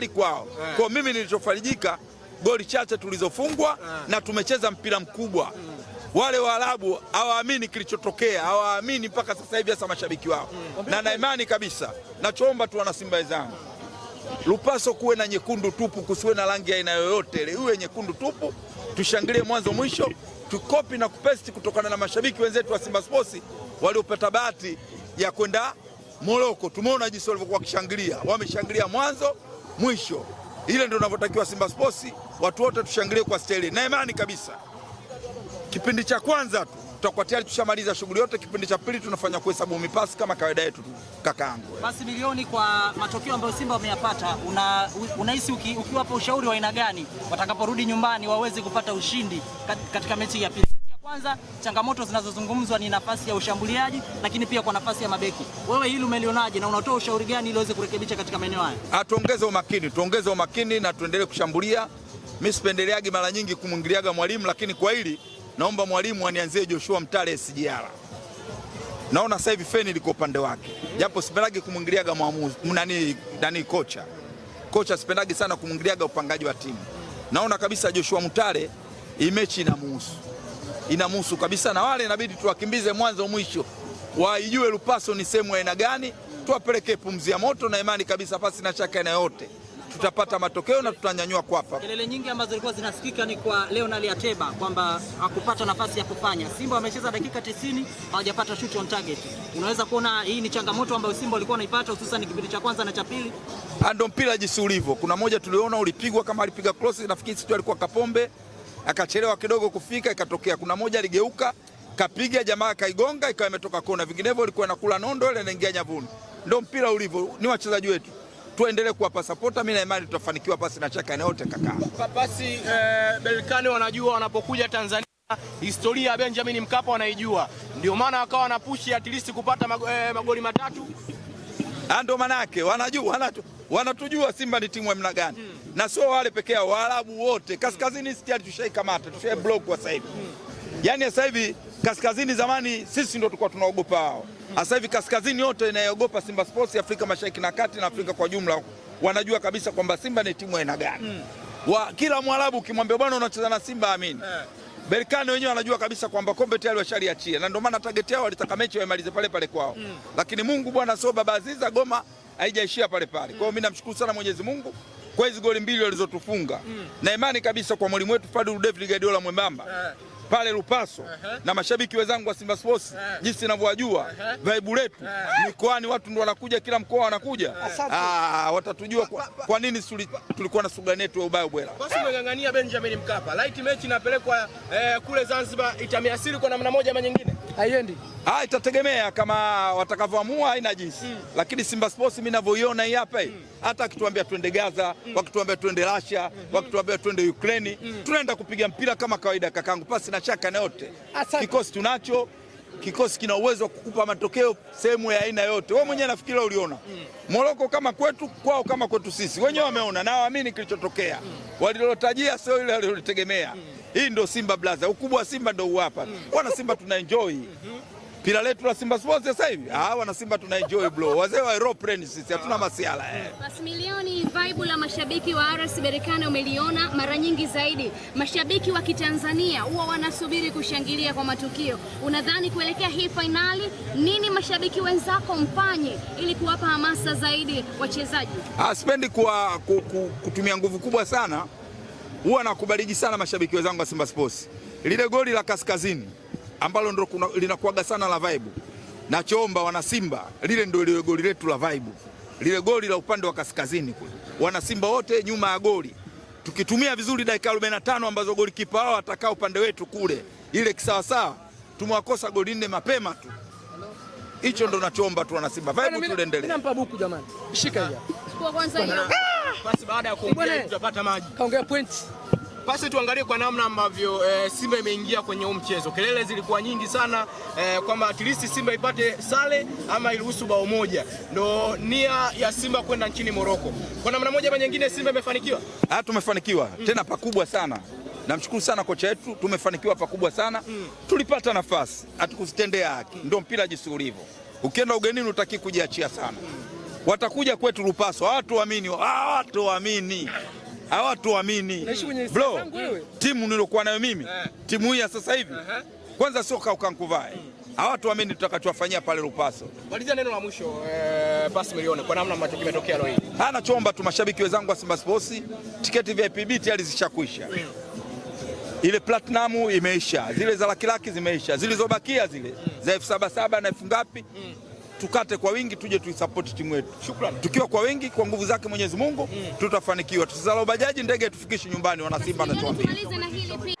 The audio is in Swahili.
hatari kwao. Eh. Kwa mimi nilichofarijika goli chache tulizofungwa eh. na tumecheza mpira mkubwa. Hmm. Wale Waarabu hawaamini kilichotokea, hawaamini mpaka sasa hivi, hasa mashabiki wao, hmm. na na imani kabisa. Nachoomba tu wana Simba wenzangu, Lupaso kuwe na nyekundu tupu, kusiwe na rangi aina yoyote ile, iwe nyekundu tupu, tushangilie mwanzo mwisho, tukopi na kupesti kutokana na mashabiki wenzetu wa Simba Sports waliopata bahati ya kwenda Moroko. Tumeona jinsi walivyokuwa wakishangilia, wameshangilia mwanzo mwisho. Ile ndio inavyotakiwa Simba Sports, watu wote tushangilie kwa staili na imani kabisa. Kipindi cha kwanza tu tutakuwa tayari tushamaliza shughuli yote. Kipindi cha pili tunafanya kuhesabu mipasi kama kawaida yetu, yangu. Basi milioni kwa matokeo ambayo Simba wameyapata, unahisi una ukiwapa ushauri wa aina gani watakaporudi nyumbani waweze kupata ushindi katika mechi ya pili? Kwanza changamoto zinazozungumzwa ni nafasi ya ushambuliaji, lakini pia kwa nafasi ya mabeki. Wewe hili umelionaje na unatoa ushauri gani ili kurekebisha katika maeneo haya? Ah, tuongeze umakini, tuongeze umakini na tuendelee kushambulia. Mimi sipendeleagi mara nyingi kumwingiliaga mwalimu, lakini kwa hili naomba mwalimu anianzie Joshua Mtale SGR. Naona sasa hivi feni liko upande wake, japo sipendagi kumwingiliaga mwamuzi nani nani, kocha kocha, sipendagi sana kumwingiliaga upangaji wa timu. Naona kabisa Joshua Mtale imechi mechi inamuhusu inamhusu kabisa, na wale inabidi tuwakimbize mwanzo mwisho, waijue Lupaso ni sehemu aina gani, tuwapelekee pumzi ya moto, na imani kabisa, pasi na shaka aina yoyote tutapata matokeo na tutanyanyua kwapa. Kelele nyingi ambazo zilikuwa zinasikika ni kwa Leonard Ateba kwamba hakupata nafasi ya kufanya. Simba wamecheza dakika 90 hawajapata shoot on target. Unaweza kuona hii ni changamoto ambayo Simba walikuwa wanaipata hususan kipindi cha kwanza na cha pili. Ah, ndo mpira jinsi ulivyo. Kuna moja tuliona ulipigwa kama alipiga cross, nafikiri situ alikuwa Kapombe akachelewa kidogo kufika, ikatokea kuna moja aligeuka kapiga jamaa kaigonga, ikawa imetoka kona, vinginevyo ilikuwa inakula nondo ile inaingia nyavuni. Ndio mpira ulivyo, ni wachezaji wetu tuendelee kuwapa sapota. Mimi na imani tutafanikiwa pasi na chaka yote kaka. Basi eh, Berkane wanajua wanapokuja Tanzania historia ya Benjamin Mkapa wanaijua, ndio maana wakawa wanapushi at least kupata mag, eh, magoli matatu, ah, ndio maana yake wanajua wanatu wanatujua Simba ni timu ya mna gani mm. na sio wale peke yao, Waarabu wote kaskazini tayari tushaikamata, tushai block kwa sasa hivi mm. yani sasa hivi kaskazini, zamani sisi ndio tulikuwa tunaogopa wao, hmm. sasa hivi kaskazini yote inayogopa Simba Sports Afrika Mashariki na Kati na Afrika kwa jumla, wanajua kabisa kwamba Simba ni timu ya aina gani mm. wa kila Mwarabu ukimwambia bwana unacheza na Simba amini eh. Berkane wenyewe wanajua kabisa kwamba kombe tayari washaliachia, na ndio maana target yao walitaka mechi waimalize pale pale kwao mm. lakini Mungu bwana, sio baba Aziza Goma haijaishia pale pale. Kwa hiyo mimi namshukuru sana Mwenyezi Mungu kwa hizo goli mbili walizotufunga mm. na imani kabisa kwa mwalimu wetu Fadlu David gadiola mwembamba uh pale Lupaso uh eh. -huh. na mashabiki wenzangu wa Simba Sports uh jinsi ninavyojua uh -huh. vibe letu uh mikoani watu ndio wanakuja, kila mkoa wanakuja uh ah, watatujua kwa, kwa nini suli, tulikuwa na sugani yetu ya ubayo bwela. Basi umeng'ang'ania Benjamin Mkapa, light mechi inapelekwa eh, kule Zanzibar itamiasiri kwa namna moja ama nyingine haiendi. Ah, itategemea kama watakavyoamua haina jinsi mm. Lakini Simba Sports mimi ninavyoiona hii hapa hii mm. Hata akituambia twende Gaza mm. wakituambia twende Russia mm -hmm. wakituambia twende Ukraine mm. tunaenda kupiga mpira kama kawaida kakangu, pasi na shaka na yote. Kikosi tunacho, kikosi kina uwezo wa kukupa matokeo sehemu ya aina yote. Wewe mwenyewe nafikiri uliona mm. Moroko kama kwetu, kwao kama kwetu sisi, wenyewe wameona na waamini kilichotokea mm. Walilotajia sio ile walilotegemea mm. Hii ndio Simba blaza, ukubwa wa Simba ndio hapa. Mm. Wana Simba tuna enjoy mhm. pira letu la Simba Sports sasa hivi. Ah, wana Simba tuna enjoy bro. Wazee wa aeroplane sisi hatuna ah. masiala eh. Masimilioni, vibe la mashabiki wa RS Berkane umeliona mara nyingi zaidi. Mashabiki wa Kitanzania huwa wanasubiri kushangilia kwa matukio. Unadhani kuelekea hii fainali nini mashabiki wenzako mfanye ili kuwapa hamasa zaidi wachezaji? Ah, sipendi ku, ku, kutumia nguvu kubwa sana huwa nakubariki sana mashabiki wenzangu wa Simba Sports. Lile goli la kaskazini ambalo ndo linakuaga sana la vibe, nachoomba wana Simba, lile ndio lile goli letu la vibe, lile goli la upande wa kaskazini kule, wana Simba wote nyuma ya goli, tukitumia vizuri dakika 45 ambazo kipa wao atakao upande wetu kule, ile kisawasawa, tumewakosa goli nne mapema tu. Hicho ndo nachoomba tu wana Simba, vibe tuendelee. Nampa buku jamani, shika hiyo. Basi baada ya kuongea tutapata maji. Kaongea point. Basi tuangalie kwa namna ambavyo e, Simba imeingia kwenye huu mchezo. Kelele zilikuwa nyingi sana e, kwamba at least Simba ipate sare ama iruhusu bao moja. Ndio nia ya Simba kwenda nchini Moroko. Kwa namna moja ama nyingine Simba imefanikiwa? Ah, tumefanikiwa mm. Tena pakubwa sana. Namshukuru sana kocha wetu, tumefanikiwa pakubwa sana mm. Tulipata nafasi, hatukuzitendea haki mm. Ndio mpira jinsi ulivyo. Ukienda ugenini utaki kujiachia sana mm watakuja kwetu Lupaso. Hawatuamini, hawatuamini, hawatuamini bro. Timu nilokuwa nayo mimi eh, timu hii ya sasa hivi uh -huh. Kwanza sio kaukankuvae Hawatuamini tutakachowafanyia pale Lupaso. Malizia neno la mwisho eh, basi milioni kwa namna ambacho kimetokea leo hii. Nachoomba tu mashabiki wenzangu wa Simba Sports, tiketi pb tayari zishakwisha hmm. Ile platinum imeisha, zile za laki laki zimeisha, zilizobakia zile mm. za elfu saba saba na elfu ngapi mm tukate kwa wingi, tuje tuisapoti timu yetu. Shukrani. Tukiwa kwa wingi, kwa nguvu zake Mwenyezi Mungu, mm. tutafanikiwa. bajaji ndege tufikishe nyumbani, wanasimba natuambia